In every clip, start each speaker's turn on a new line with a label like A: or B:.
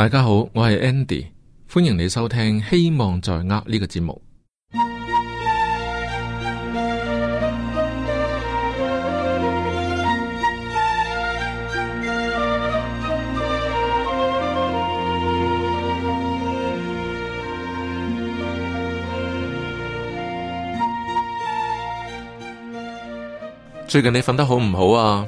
A: 大家好，我係 Andy，歡迎你收聽《希望在握》呢個節目。最近你瞓得好唔好啊？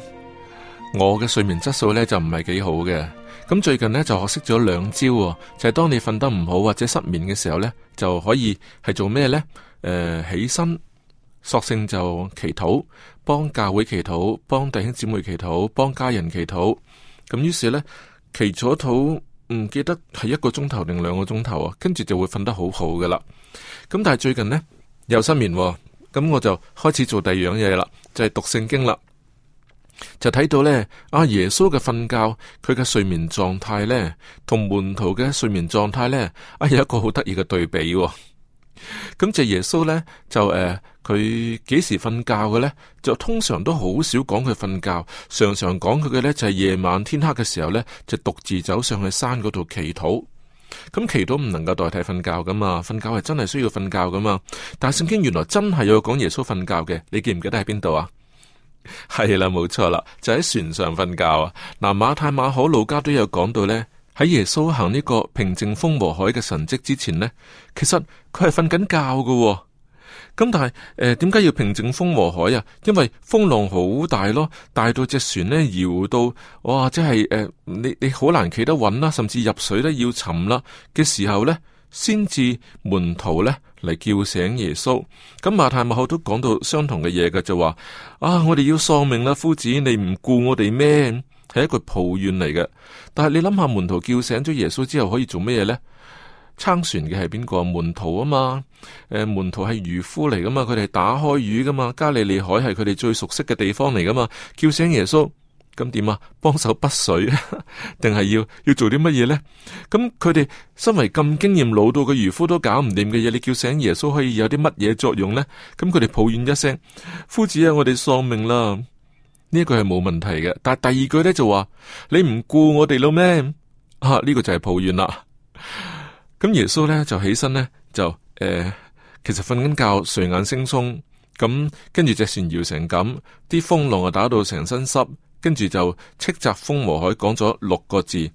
A: 我嘅睡眠質素呢就唔係幾好嘅。咁最近呢，就學識咗兩招，就係、是、當你瞓得唔好或者失眠嘅時候呢，就可以係做咩呢？呃、起身索性就祈禱，幫教會祈禱，幫弟兄姊妹祈禱，幫家人祈禱。咁於是呢，祈禱一唔記得係一個鐘頭定兩個鐘頭啊，跟住就會瞓得好好噶啦。咁但係最近呢，又失眠，咁我就開始做第二樣嘢啦，就係、是、讀聖經啦。就睇到咧，阿耶穌嘅瞓覺，佢嘅睡眠狀態咧，同門徒嘅睡眠狀態咧，係有一個好得意嘅對比哦。咁 就耶穌咧，就誒，佢、呃、幾時瞓覺嘅咧？就通常都好少講佢瞓覺，常常講佢嘅咧就係、是、夜晚天黑嘅時候咧，就獨自走上去山嗰度祈禱。咁祈禱唔能夠代替瞓覺噶嘛，瞓覺係真係需要瞓覺噶嘛。但係聖經原來真係有講耶穌瞓覺嘅，你記唔記得喺邊度啊？係啦，冇錯啦，就喺船上瞓覺啊！嗱，馬太、馬可、路加都有講到呢，喺耶穌行呢個平靜風和海嘅神蹟之前呢，其實佢係瞓緊覺嘅。咁但係，誒、呃，點解要平靜風和海啊？因為風浪好大咯，大到隻船呢搖到，哇！即係，誒、呃，你你好難企得穩啦，甚至入水都要沉啦嘅時候呢。先至門徒咧嚟叫醒耶穌，咁馬太、馬可都講到相同嘅嘢嘅，就話啊，我哋要喪命啦，夫子，你唔顧我哋咩？係一句抱怨嚟嘅。但係你諗下，門徒叫醒咗耶穌之後可以做咩嘢呢？撐船嘅係邊個？門徒啊嘛，誒，門徒係漁夫嚟噶嘛，佢哋係打開魚噶嘛，加利利海係佢哋最熟悉嘅地方嚟噶嘛，叫醒耶穌。咁點啊？幫手潑水，定 係要要做啲乜嘢咧？咁佢哋身為咁經驗老到嘅漁夫，都搞唔掂嘅嘢，你叫醒耶穌可以有啲乜嘢作用咧？咁佢哋抱怨一聲，夫子啊，我哋喪命啦！呢一句係冇問題嘅，但係第二句咧就話你唔顧我哋喇咩啊？呢、這個就係抱怨啦。咁耶穌咧就起身咧，就誒、呃，其實瞓緊覺，睡眼惺忪咁，跟住隻船搖成咁，啲風浪啊打到成身濕。跟住就斥責風和海，講咗六個字，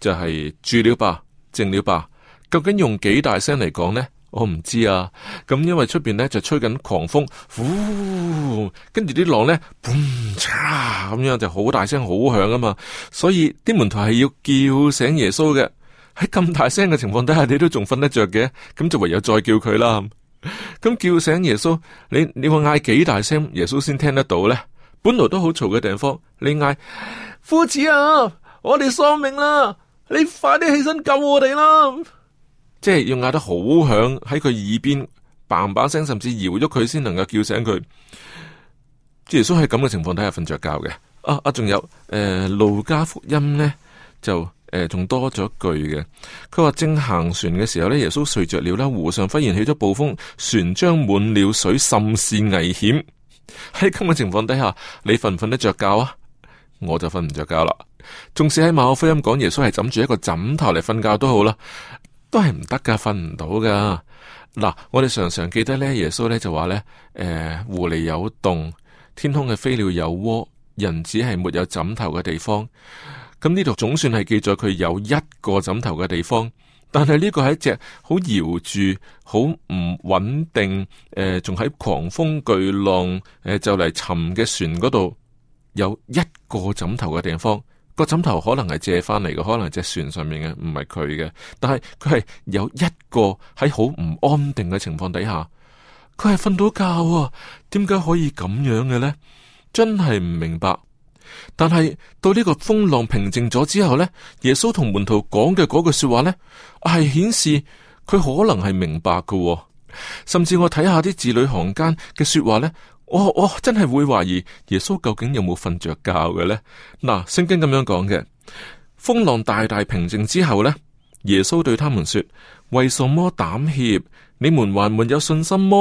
A: 就係、是、住了吧，靜了吧。究竟用幾大聲嚟講呢？我唔知啊。咁因為出邊呢就吹緊狂風，呼，跟住啲浪呢，嘣嚓咁樣就好大聲、好響啊嘛。所以啲門徒係要叫醒耶穌嘅。喺咁大聲嘅情況底下，你都仲瞓得着嘅，咁就唯有再叫佢啦。咁、啊、叫、啊、醒耶穌，你你會嗌幾大聲，耶穌先聽得到呢？本來都好嘈嘅地方，你嗌夫子啊！我哋喪命啦！你快啲起身救我哋啦！即係要嗌得好響喺佢耳邊，嘭嘭聲，甚至搖咗佢先能夠叫醒佢。耶穌喺咁嘅情況底下瞓着覺嘅。啊啊，仲有誒路加福音呢，就誒仲、呃、多咗句嘅。佢話正行船嘅時候呢，耶穌睡着了啦，湖上忽然起咗暴風，船裝滿了水，甚是危險。喺咁嘅情況底下，你瞓唔瞓得着覺啊？我就瞓唔着覺啦。縱使喺馬可福音講耶穌係枕住一個枕頭嚟瞓覺都好啦，都係唔得噶，瞓唔到噶。嗱，我哋常常記得呢，耶穌呢就話呢誒，狐狸有洞，天空嘅飛鳥有窩，人只係沒有枕頭嘅地方。咁呢度總算係記載佢有一個枕頭嘅地方。但係呢個係隻好搖住、好唔穩定、誒仲喺狂風巨浪、誒、呃、就嚟沉嘅船嗰度，有一個枕頭嘅地方，個枕頭可能係借翻嚟嘅，可能係隻船上面嘅，唔係佢嘅。但係佢係有一個喺好唔安定嘅情況底下，佢係瞓到覺啊？點解可以咁樣嘅呢？真係唔明白。但係到呢個風浪平靜咗之後呢，耶穌同門徒講嘅嗰句話、哦、說話呢，係顯示佢可能係明白噶。甚至我睇下啲字裏行間嘅說話呢，我我真係會懷疑耶穌究竟有冇瞓着覺嘅呢？嗱，聖經咁樣講嘅，風浪大，大大平靜之後呢，耶穌對他們說：為什麼膽怯？你們還沒有信心麼？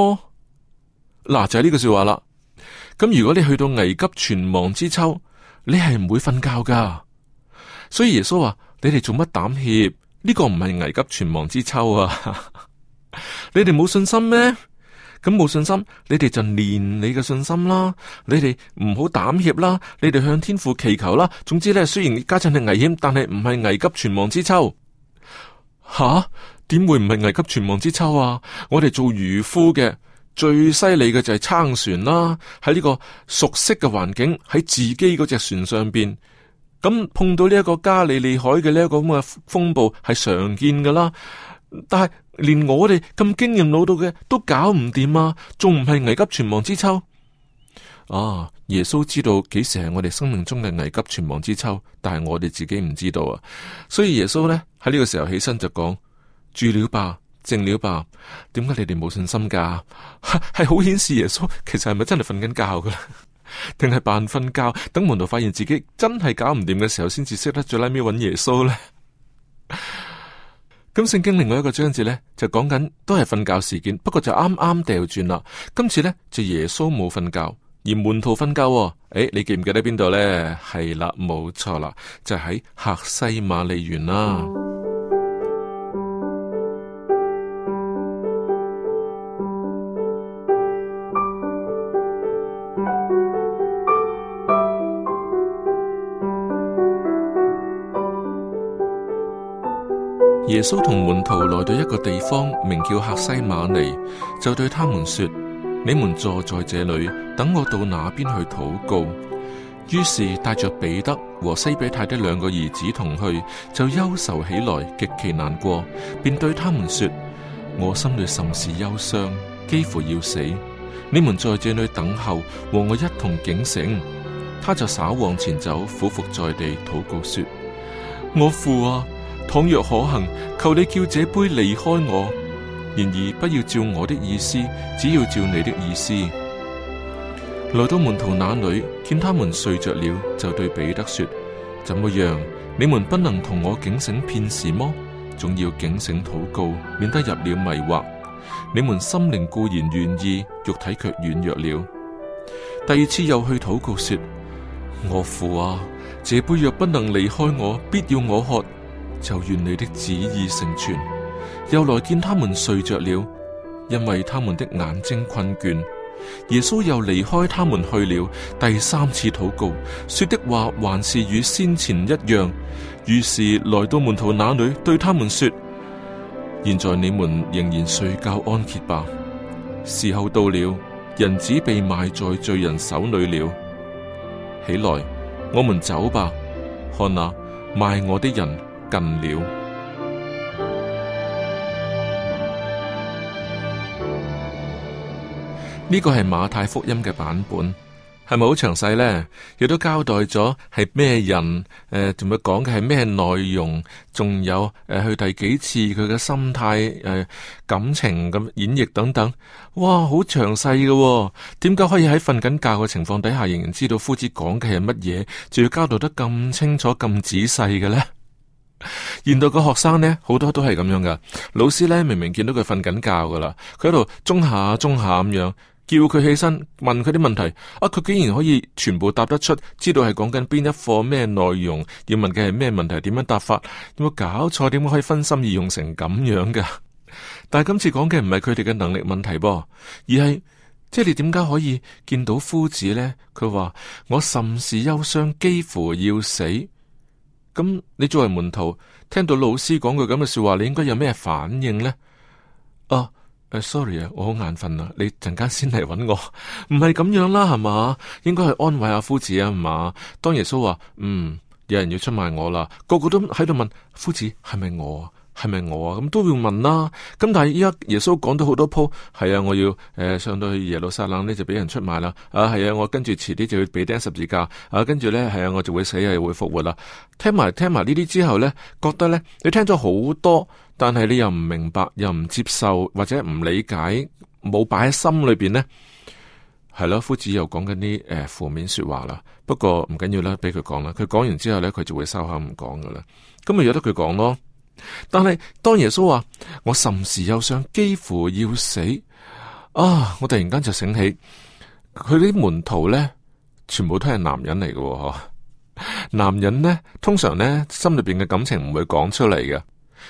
A: 嗱，就係呢句說話啦。咁如果你去到危急存亡之秋，你係唔會瞓覺噶，所以耶穌話、啊：你哋做乜膽怯？呢、這個唔係危急存亡之秋啊！ 你哋冇信心咩？咁冇信心，你哋就練你嘅信心啦。你哋唔好膽怯啦，你哋向天父祈求啦。總之咧，雖然家陣係危險，但係唔係危急存亡之秋。吓、啊，點會唔係危急存亡之秋啊？我哋做漁夫嘅。最犀利嘅就係撐船啦，喺呢個熟悉嘅環境，喺自己嗰隻船上邊，咁碰到呢一個加利利海嘅呢一個咁嘅風暴係常見噶啦，但係連我哋咁經驗老到嘅都搞唔掂啊，仲唔係危急存亡之秋？啊，耶穌知道幾時係我哋生命中嘅危急存亡之秋，但係我哋自己唔知道啊，所以耶穌呢，喺呢個時候起身就講：「住了吧。」靜了吧！點解你哋冇信心噶？」係好顯示，耶穌其實係咪真係瞓緊覺噶？定係扮瞓覺，等門徒發現自己真係搞唔掂嘅時候，先至識得最拉尾搵耶穌咧？咁聖經另外一個章節咧，就講緊都係瞓覺事件，不過就啱啱掉轉啦。今次咧，就耶穌冇瞓覺，而門徒瞓覺，哦。誒、哎，你記唔記得邊度咧？係啦，冇錯啦，就喺、是、客西馬利園啦。.耶穌同門徒來到一個地方，名叫客西馬尼，就對他們說：你們坐在這裏，等我到那邊去禱告。於是帶着彼得和西比太的兩個兒子同去，就憂愁起來，極其難過，便對他們說：我心裏甚是憂傷，幾乎要死。你們在這裏等候，和我一同警醒。他就稍往前走，俯伏，伏在地禱告說：我父啊！倘若可行，求你叫這杯離開我。然而不要照我的意思，只要照你的意思。來到門徒那裏，見他們睡着了，就對彼得說：怎麼樣？你們不能同我警醒片時麼？總要警醒禱告，免得入了迷惑。你們心靈固然願意，肉體卻軟弱了。第二次又去禱告說：我父啊，這杯若不能離開我，必要我喝。就願你的旨意成全。又來見他們睡着了，因為他們的眼睛困倦。耶穌又離開他們去了，第三次禱告，說的話還是與先前一樣。於是來到門徒那裡，對他們說：現在你們仍然睡覺安歇吧。時候到了，人子被賣在罪人手裡了。起來，我們走吧。看那賣我的人。近了，呢個係馬太福音嘅版本，係咪好詳細呢？亦都交代咗係咩人，誒、呃，同佢講嘅係咩內容，仲有誒、呃，去第幾次，佢嘅心態，誒，感情咁演繹等等，哇，好詳細嘅。點解可以喺瞓緊覺嘅情況底下，仍然知道夫子講嘅係乜嘢，仲要交代得咁清楚，咁仔細嘅呢？現代個學生呢，好多都係咁樣噶。老師呢，明明見到佢瞓緊覺噶啦，佢喺度中下中下咁樣叫佢起身，問佢啲問題。啊，佢竟然可以全部答得出，知道係講緊邊一課咩內容，要問嘅係咩問題，點樣答法？點解搞錯？點解可以分心意用成咁樣噶？但係今次講嘅唔係佢哋嘅能力問題噃，而係即係你點解可以見到夫子呢？佢話我甚是憂傷，幾乎要死。咁、嗯、你作為門徒，聽到老師講句咁嘅說話，你應該有咩反應呢？啊，呃，Sorry 啊，我好眼瞓啊，你陣間先嚟揾我，唔係咁樣啦，係嘛？應該去安慰阿夫子啊，係嘛？當耶穌話，嗯，有人要出賣我啦，個個都喺度問夫子，係咪我？係咪我啊？咁都要問啦。咁但係依家耶穌講到好多鋪，係啊，我要誒、呃、上到去耶路撒冷呢，就俾人出賣啦。啊，係啊，我跟住遲啲就要被釘十字架。啊，跟住咧，係啊，我就會死，又會復活啦。聽埋聽埋呢啲之後咧，覺得咧，你聽咗好多，但係你又唔明白，又唔接受，或者唔理解，冇擺喺心裏邊呢。係咯、啊。夫子又講緊啲誒負面說話啦。不過唔緊要啦，俾佢講啦。佢講完之後咧，佢就會收口唔講噶啦。咁咪由得佢講咯。但係當耶穌話我甚時又想幾乎要死啊！我突然間就醒起，佢啲門徒咧，全部都係男人嚟嘅、啊。男人咧，通常咧，心裏邊嘅感情唔會講出嚟嘅。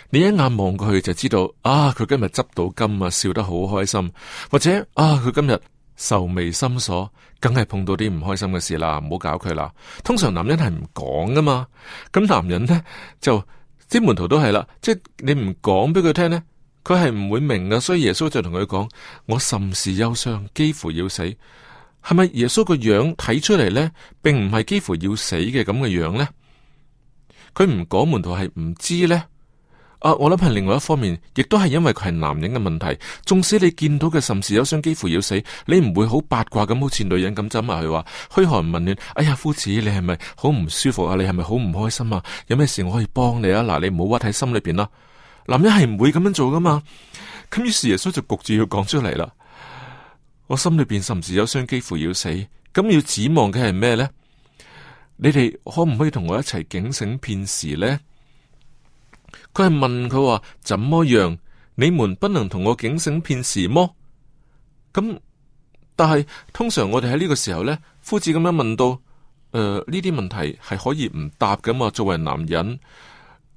A: 你一眼望過去就知道，啊，佢今日執到金啊，笑得好開心；或者啊，佢今日愁眉深鎖，梗係碰到啲唔開心嘅事啦。唔好搞佢啦。通常男人係唔講噶嘛。咁男人咧就。啲門徒都係啦，即係你唔講俾佢聽咧，佢係唔會明噶。所以耶穌就同佢講：我甚是憂傷，幾乎要死。係咪耶穌個樣睇出嚟咧，並唔係幾乎要死嘅咁嘅樣咧？佢唔講，門徒係唔知咧。啊，我諗係另外一方面，亦都係因為佢係男人嘅問題。縱使你見到嘅，甚是憂傷幾乎要死，你唔會好八卦咁，好似女人咁針下佢話噓寒問暖。哎呀，夫子，你係咪好唔舒服啊？你係咪好唔開心啊？有咩事我可以幫你啊？嗱，你唔好屈喺心裏邊啦、啊。男人係唔會咁樣做噶嘛。咁於是耶穌就焗住要講出嚟啦。我心裏邊甚是憂傷幾乎要死，咁要指望嘅係咩呢？你哋可唔可以同我一齊警醒片時呢？」佢係問佢話：怎麼樣？你們不能同我警醒片時麼？咁，但係通常我哋喺呢個時候呢，夫子咁樣問到，誒呢啲問題係可以唔答噶嘛。作為男人，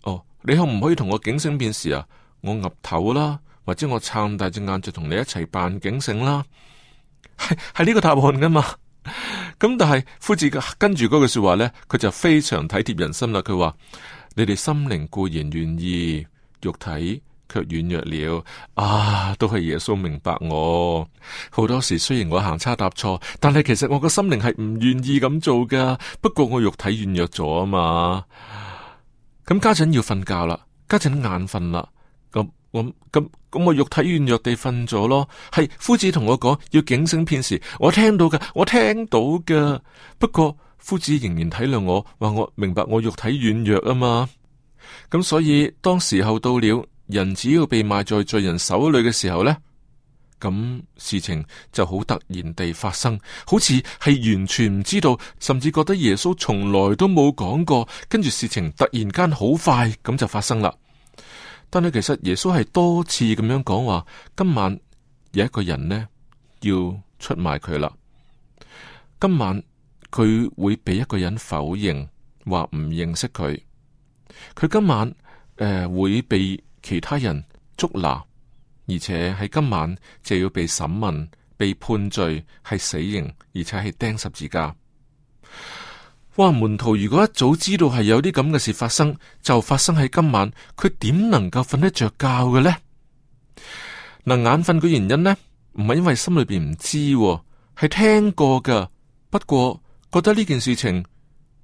A: 哦，你可唔可以同我警醒片時啊？我岌頭啦，或者我撐大隻眼就同你一齊扮警醒啦，係係呢個答案噶嘛？咁 但係夫子跟住嗰句說話呢，佢就非常體貼人心啦。佢話。你哋心靈固然願意，肉體卻軟弱了。啊，都係耶穌明白我。好多時雖然我行差踏錯，但係其實我個心靈係唔願意咁做噶。不過我肉體軟弱咗啊嘛。咁家陣要瞓覺啦，家陣眼瞓啦。咁咁咁咁，我，我肉體軟弱地瞓咗咯。係，夫子同我講要警醒片時，我聽到噶，我聽到噶。不過。夫子仍然體諒我，話我明白我肉體軟弱啊嘛，咁所以當時候到了，人只要被賣在罪人手裏嘅時候呢，咁事情就好突然地發生，好似係完全唔知道，甚至覺得耶穌從來都冇講過，跟住事情突然間好快咁就發生啦。但係其實耶穌係多次咁樣講話，今晚有一個人呢，要出賣佢啦，今晚。佢會俾一個人否認，話唔認識佢。佢今晚誒、呃、會被其他人捉拿，而且喺今晚就要被審問、被判罪，係死刑，而且係釘十字架。哇！門徒如果一早知道係有啲咁嘅事發生，就發生喺今晚，佢點能夠瞓得着覺嘅呢？嗱、呃，眼瞓嘅原因呢，唔係因為心裏邊唔知、啊，係聽過噶，不過。覺得呢件事情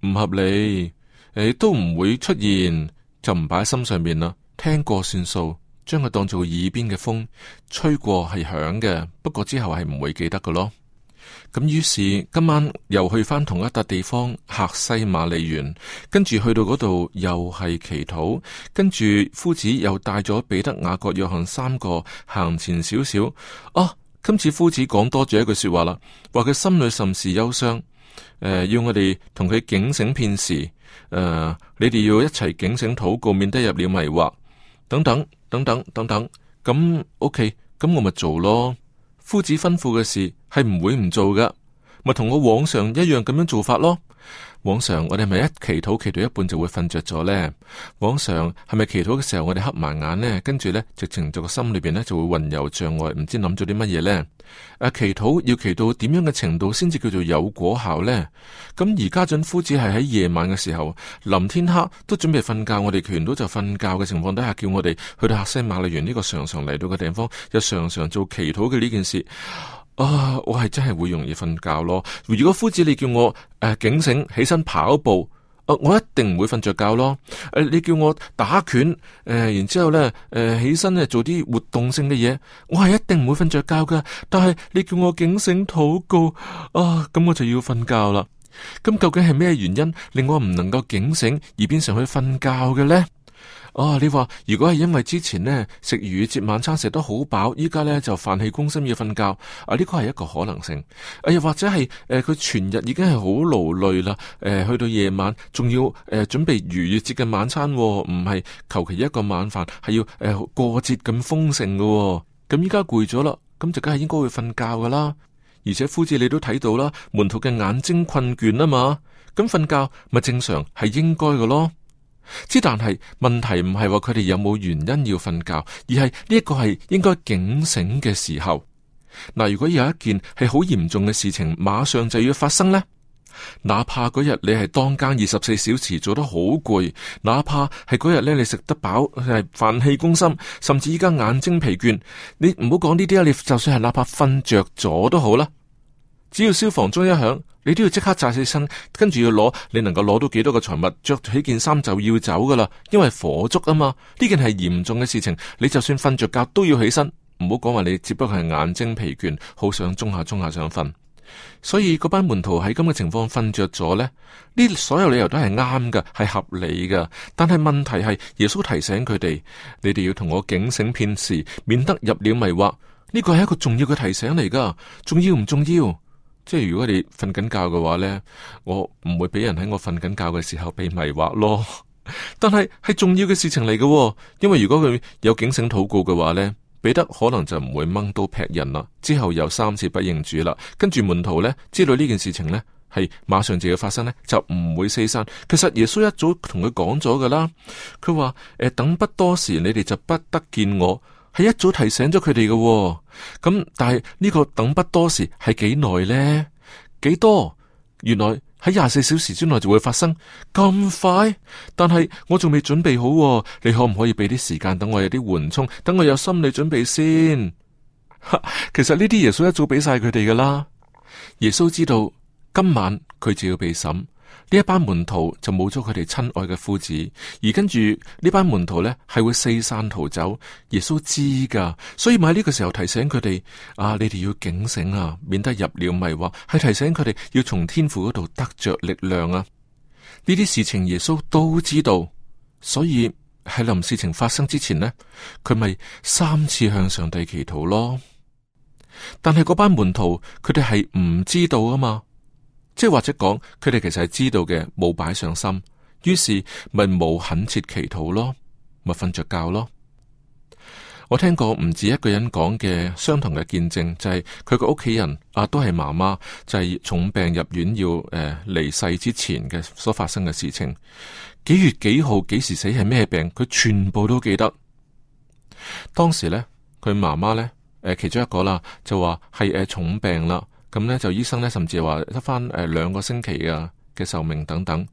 A: 唔合理，誒都唔會出現，就唔擺喺心上面啦。聽過算數，將佢當做耳邊嘅風吹過係響嘅，不過之後係唔會記得嘅咯。咁於是今晚又去翻同一笪地方，客西馬利園，跟住去到嗰度又係祈禱，跟住夫子又帶咗彼得、雅各、約翰三個行前少少。哦、啊，今次夫子講多咗一句說話啦，話佢心裏甚是憂傷。誒、呃，要我哋同佢警醒片時，誒、呃，你哋要一齊警醒禱告，免得入了迷惑，等等等等等等。咁 OK，咁我咪做咯。夫子吩咐嘅事係唔會唔做噶，咪同我往常一樣咁樣做法咯。往常我哋係咪一祈禱祈到一半就會瞓着咗呢？往常係咪祈禱嘅時候我哋黑埋眼呢？跟住呢，直情就個心裏邊呢就會魂遊象外，唔知諗咗啲乜嘢呢？誒、啊，祈禱要祈到點樣嘅程度先至叫做有果效呢？咁、啊、而家俊夫子係喺夜晚嘅時候，臨天黑都準備瞓覺我，我哋祈到就瞓覺嘅情況底下，叫我哋去到客西馬尼園呢個常常嚟到嘅地方，又常常做祈禱嘅呢件事。啊、哦！我係真係會容易瞓覺咯。如果夫子你叫我誒、呃、警醒起身跑步，誒、呃、我一定唔會瞓着覺咯。誒、呃、你叫我打拳，誒、呃、然之後咧誒、呃、起身咧做啲活動性嘅嘢，我係一定唔會瞓着覺㗎。但係你叫我警醒禱告啊，咁、呃、我就要瞓覺啦。咁、嗯、究竟係咩原因令我唔能夠警醒而變成去瞓覺嘅咧？哦，你話如果係因為之前呢，食魚月節晚餐食得好飽，依家呢就飯氣攻心要瞓覺啊？呢個係一個可能性。哎呀，又或者係誒佢全日已經係好勞累啦，誒、呃、去到夜晚仲要誒、呃、準備魚月節嘅晚餐，哦，唔係求其一個晚飯，係要誒、呃、過節咁豐盛嘅，哦。咁依家攰咗啦，咁就梗係應該會瞓覺噶啦。而且夫子你都睇到啦，門徒嘅眼睛困倦啊嘛，咁瞓覺咪正常係應該嘅咯。之但係問題唔係話佢哋有冇原因要瞓覺，而係呢一個係應該警醒嘅時候。嗱，如果有一件係好嚴重嘅事情，馬上就要發生呢，哪怕嗰日你係當間二十四小時做得好攰，哪怕係嗰日咧你食得飽係飯氣攻心，甚至依家眼睛疲倦，你唔好講呢啲啦，你就算係哪怕瞓着咗都好啦，只要消防鐘一響，你都要即刻扎起身，跟住要攞你能夠攞到幾多個財物，着起件衫就要走噶啦，因為火燭啊嘛，呢件係嚴重嘅事情。你就算瞓着覺都要起身，唔好講話你只不過係眼睛疲倦，好想中下中下想瞓。所以嗰班門徒喺咁嘅情況瞓着咗咧，呢所有理由都係啱噶，係合理噶。但係問題係耶穌提醒佢哋，你哋要同我警醒片時，免得入了迷惑。呢個係一個重要嘅提醒嚟噶，重要唔重要？即係如果你瞓緊覺嘅話呢，我唔會俾人喺我瞓緊覺嘅時候被迷惑咯。但係係重要嘅事情嚟嘅，哦，因為如果佢有警醒禱告嘅話呢，彼得可能就唔會掹刀劈人啦。之後又三次不認主啦，跟住門徒呢，知道呢件事情呢，係馬上就要發生呢，就唔會四散。其實耶穌一早同佢講咗噶啦，佢話：呃，等不多時，你哋就不得見我。係一早提醒咗佢哋嘅，咁但係呢個等不多時係幾耐呢？幾多？原來喺廿四小時之內就會發生咁快。但係我仲未準備好，哦，你可唔可以俾啲時間等我有啲緩衝，等我有心理準備先？其實呢啲耶穌一早俾晒佢哋㗎啦。耶穌知道，今晚佢就要被審。呢一班門徒就冇咗佢哋親愛嘅夫子，而跟住呢班門徒呢係會四散逃走。耶穌知噶，所以咪喺呢個時候提醒佢哋：啊，你哋要警醒啊，免得入了迷惑。係提醒佢哋要從天父嗰度得着力量啊！呢啲事情耶穌都知道，所以喺臨事情發生之前呢，佢咪三次向上帝祈禱咯。但係嗰班門徒佢哋係唔知道啊嘛。即係或者講，佢哋其實係知道嘅，冇擺上心，於是咪冇懇切祈禱咯，咪瞓着覺咯。我聽過唔止一個人講嘅相同嘅見證，就係佢個屋企人啊，都係媽媽，就係、是、重病入院要誒離、呃、世之前嘅所發生嘅事情，幾月幾號，幾時死，係咩病，佢全部都記得。當時咧，佢媽媽咧，誒、呃、其中一個啦，就話係誒重病啦。咁呢，就醫生呢，甚至係話得翻誒兩個星期啊嘅壽命等等。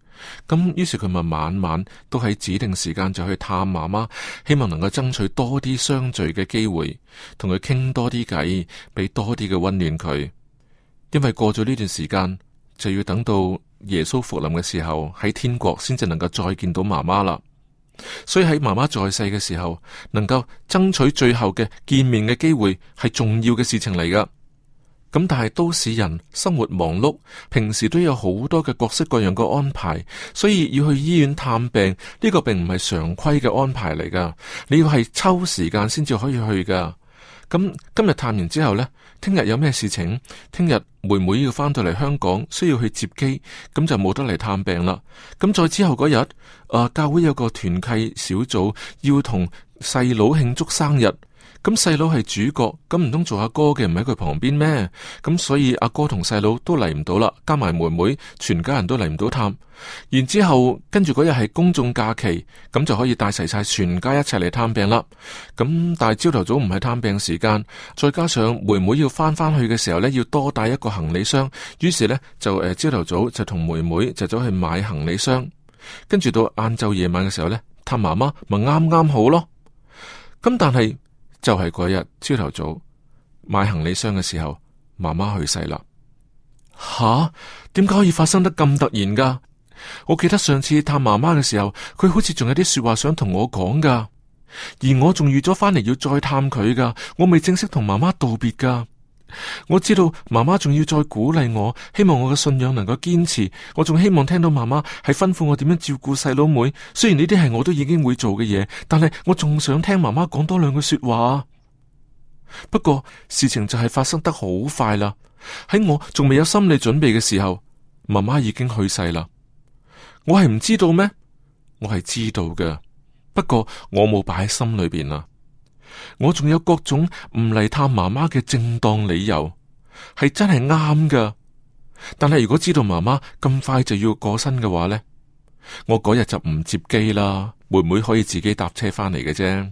A: 咁於是佢咪晚晚都喺指定時間就去探媽媽，希望能夠爭取多啲相聚嘅機會，同佢傾多啲偈，俾多啲嘅溫暖佢。因為過咗呢段時間，就要等到耶穌復臨嘅時候喺天國先至能夠再見到媽媽啦。所以喺媽媽在世嘅時候，能夠爭取最後嘅見面嘅機會，係重要嘅事情嚟㗎。咁但係都市人生活忙碌，平時都有好多嘅各式各樣嘅安排，所以要去醫院探病呢個並唔係常規嘅安排嚟噶。你要係抽時間先至可以去噶。咁、嗯、今日探完之後呢，聽日有咩事情？聽日妹妹要翻到嚟香港，需要去接機，咁、嗯、就冇得嚟探病啦。咁、嗯、再之後嗰日、呃，教會有個團契小組要同細佬慶祝生日。咁細佬係主角，咁唔通做阿哥嘅唔喺佢旁邊咩？咁所以阿哥同細佬都嚟唔到啦，加埋妹妹，全家人都嚟唔到探。然之後跟住嗰日係公眾假期，咁就可以帶齊晒全家一齊嚟探病啦。咁但係朝頭早唔係探病時間，再加上妹妹要翻翻去嘅時候呢，要多帶一個行李箱，於是呢，就誒朝頭早就同妹妹就走去買行李箱，跟住到晏晝夜晚嘅時候呢，探媽媽咪啱啱好咯。咁但係。就係嗰日朝頭早買行李箱嘅時候，媽媽去世啦。吓，點解可以發生得咁突然㗎？我記得上次探媽媽嘅時候，佢好似仲有啲說話想同我講㗎，而我仲預咗返嚟要再探佢㗎，我未正式同媽媽道別㗎。我知道媽媽仲要再鼓勵我，希望我嘅信仰能夠堅持。我仲希望聽到媽媽係吩咐我點樣照顧細佬妹妹。雖然呢啲係我都已經會做嘅嘢，但係我仲想聽媽媽講多兩句說話。不過事情就係發生得好快啦，喺我仲未有心理準備嘅時候，媽媽已經去世啦。我係唔知道咩？我係知道嘅，不過我冇擺喺心裏邊啦。我仲有各種唔嚟探媽媽嘅正當理由，係真係啱噶。但係如果知道媽媽咁快就要過身嘅話呢，我嗰日就唔接機啦，妹妹可以自己搭車翻嚟嘅啫。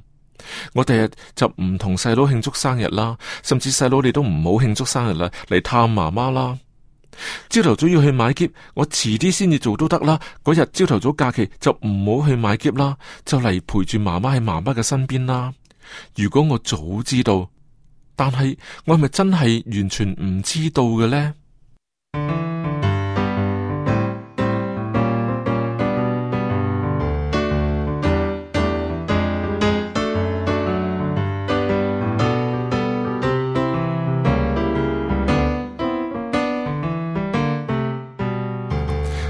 A: 我第日就唔同細佬慶祝生日啦，甚至細佬你都唔好慶祝生日啦，嚟探媽媽啦。朝頭早要去買喼，我遲啲先至做都得啦。嗰日朝頭早假期就唔好去買喼啦，就嚟陪住媽媽喺媽媽嘅身邊啦。如果我早知道，但係我係咪真係完全唔知道嘅呢？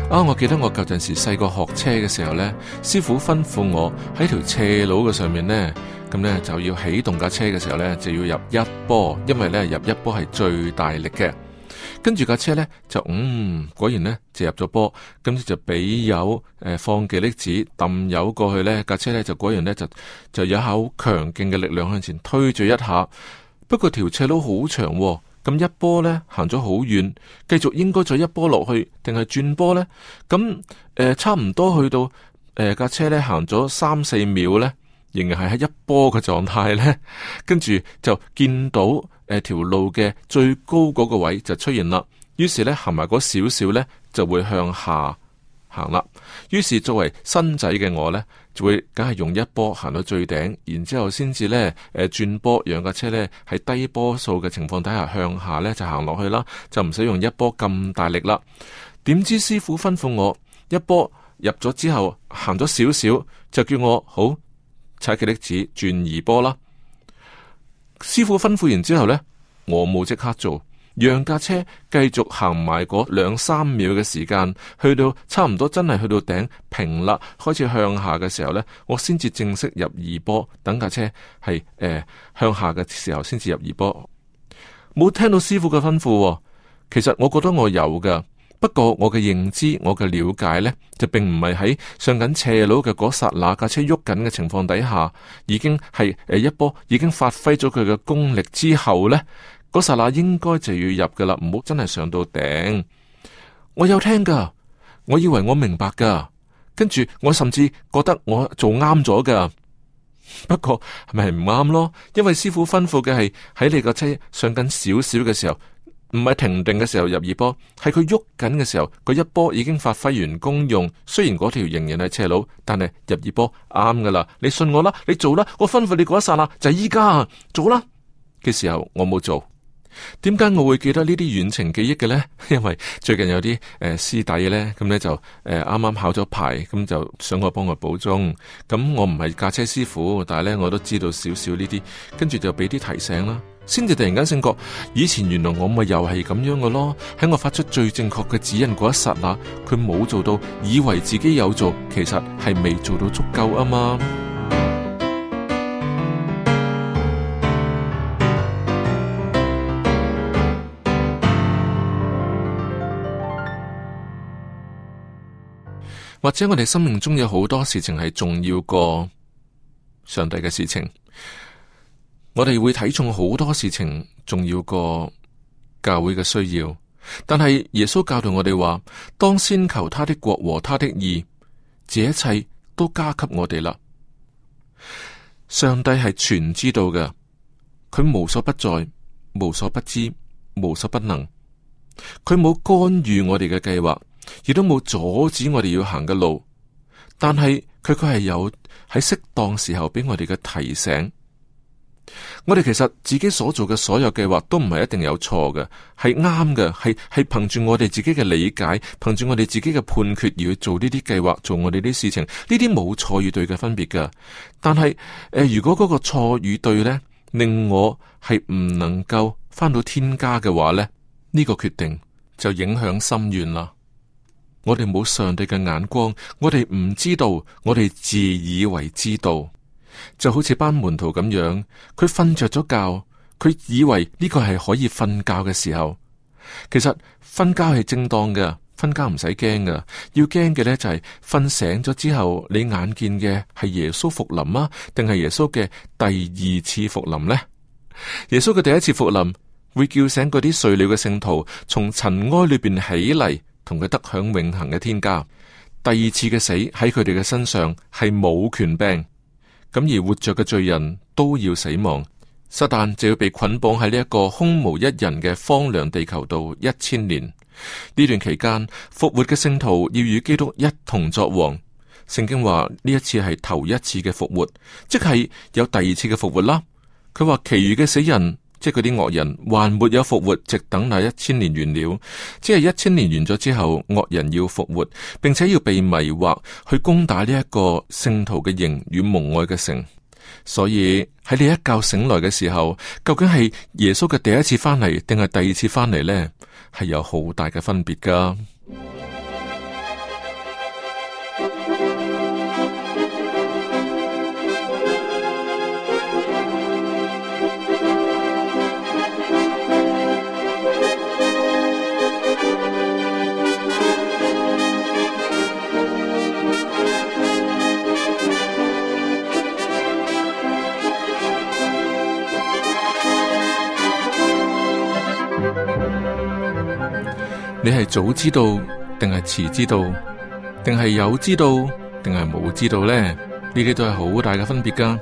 A: 啊！我記得我舊陣時細個學車嘅時候呢，師傅吩咐我喺條斜路嘅上面呢。咁呢，就要啟動架車嘅時候呢，就要入一波，因為呢，入一波係最大力嘅。跟住架車呢，就嗯，果然呢，就入咗波，跟住就俾油誒，放嘅力子抌油過去呢，架車呢，就果然呢，就就有口強勁嘅力量向前推咗一下。不過條斜路好長，哦，咁一波呢，行咗好遠，繼續應該再一波落去，定係轉波呢？咁誒、呃，差唔多去到誒架、呃、車呢，行咗三四秒呢。仍然係喺一波嘅狀態呢，跟住就見到誒、呃、條路嘅最高嗰個位就出現啦。於是呢，行埋嗰少少呢，就會向下行啦。於是作為新仔嘅我呢，就會梗係用一波行到最頂，然之後先至呢誒、呃、轉波，讓架車呢喺低波數嘅情況底下向下呢就行落去啦，就唔使用，用一波咁大力啦。點知師傅吩咐我一波入咗之後行咗少少，就叫我好。踩極力子轉二波啦。師傅吩咐完之後呢，我冇即刻做，讓架車繼續行埋嗰兩三秒嘅時間，去到差唔多真係去到頂平啦，開始向下嘅時候呢，我先至正式入二波。等架車係誒、呃、向下嘅時候先至入二波。冇聽到師傅嘅吩咐，其實我覺得我有㗎。不過我嘅認知，我嘅了解呢，就並唔係喺上緊斜路嘅嗰剎那，架車喐緊嘅情況底下，已經係誒一波已經發揮咗佢嘅功力之後呢，嗰剎那應該就要入噶啦，唔好真係上到頂。我有聽噶，我以為我明白噶，跟住我甚至覺得我做啱咗噶。不過係咪唔啱咯？因為師傅吩咐嘅係喺你架車上緊少少嘅時候。唔係停定嘅時候入二波，係佢喐緊嘅時候，佢一波已經發揮完功用。雖然嗰條仍然係斜路，但係入二波啱噶啦。你信我啦，你做啦，我吩咐你嗰一剎那就係依家做啦嘅時候，我冇做。點解我會記得呢啲遠程記憶嘅呢？因為最近有啲誒師弟呢，咁呢就誒啱啱考咗牌，咁就想我幫佢補中。咁我唔係駕車師傅，但係呢，我都知道少少呢啲，跟住就俾啲提醒啦。先至突然間醒覺，以前原來我咪又係咁樣嘅咯。喺我發出最正確嘅指引嗰一剎那，佢冇做到，以為自己有做，其實係未做到足夠啊嘛。或者我哋生命中有好多事情係重要過上帝嘅事情。我哋會睇重好多事情重要過教會嘅需要，但係耶穌教導我哋話：當先求他的國和他的義，這一切都加給我哋啦。上帝係全知道嘅，佢無所不在，無所不知，無所不能。佢冇干預我哋嘅計劃，亦都冇阻止我哋要行嘅路。但係佢佢係有喺適當時候畀我哋嘅提醒。我哋其實自己所做嘅所有計劃都唔係一定有錯嘅，係啱嘅，係係憑住我哋自己嘅理解，憑住我哋自己嘅判決而去做呢啲計劃，做我哋啲事情，呢啲冇錯與對嘅分別噶。但係誒、呃，如果嗰個錯與對呢，令我係唔能夠翻到天家嘅話呢，呢、這個決定就影響深遠啦。我哋冇上帝嘅眼光，我哋唔知道，我哋自以為知道。就好似班門徒咁樣，佢瞓着咗覺，佢以為呢個係可以瞓覺嘅時候，其實瞓覺係正當嘅，瞓覺唔使驚嘅。要驚嘅呢就係、是、瞓醒咗之後，你眼見嘅係耶穌復臨啊，定係耶穌嘅第二次復臨呢？耶穌嘅第一次復臨會叫醒嗰啲睡了嘅聖徒，從塵埃裏邊起嚟，同佢得享永恆嘅天家。第二次嘅死喺佢哋嘅身上係冇權柄。咁而活着嘅罪人都要死亡，撒旦就要被捆綁喺呢一個空無一人嘅荒涼地球度一千年。呢段期間復活嘅聖徒要與基督一同作王。聖經話呢一次係頭一次嘅復活，即係有第二次嘅復活啦。佢話其餘嘅死人。即係佢啲惡人還沒有復活，直等那一千年完了，只係一千年完咗之後，惡人要復活，並且要被迷惑去攻打呢一個聖徒嘅營與蒙愛嘅城。所以喺你一覺醒來嘅時候，究竟係耶穌嘅第一次返嚟定係第二次返嚟呢？係有好大嘅分別噶。你係早知道定係遲知道，定係有知道定係冇知道呢？呢啲都係好大嘅分別噶。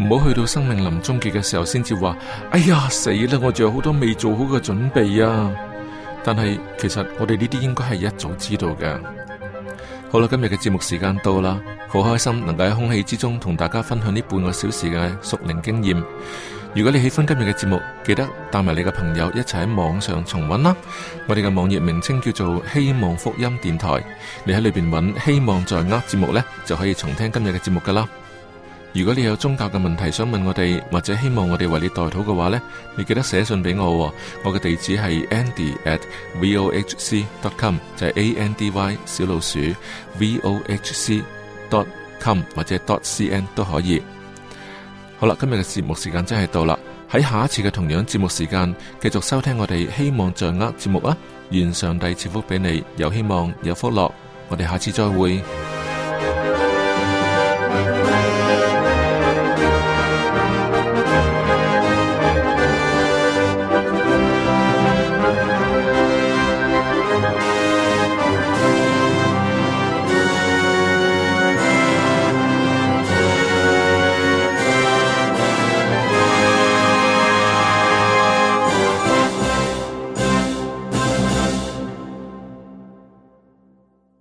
A: 唔好去到生命臨終結嘅時候先至話，哎呀死啦！我仲有好多未做好嘅準備啊！但係其實我哋呢啲應該係一早知道嘅。好啦，今日嘅節目時間到啦，好開心能夠喺空氣之中同大家分享呢半個小時嘅熟齡經驗。如果你喜歡今日嘅節目，記得帶埋你嘅朋友一齊喺網上重溫啦！我哋嘅網頁名稱叫做希望福音電台，你喺裏邊揾希望在呃節目呢，就可以重聽今日嘅節目噶啦。如果你有宗教嘅問題想問我哋，或者希望我哋為你代禱嘅話呢，你記得寫信俾我，我嘅地址係 andy at vohc dot com，就係 a n d y 小老鼠 vohc dot com 或者 dot c n 都可以。好啦，今日嘅節目時間真係到啦，喺下一次嘅同樣節目時間繼續收聽我哋希望掌握節目啊！願上帝賜福俾你，有希望，有福樂，我哋下次再會。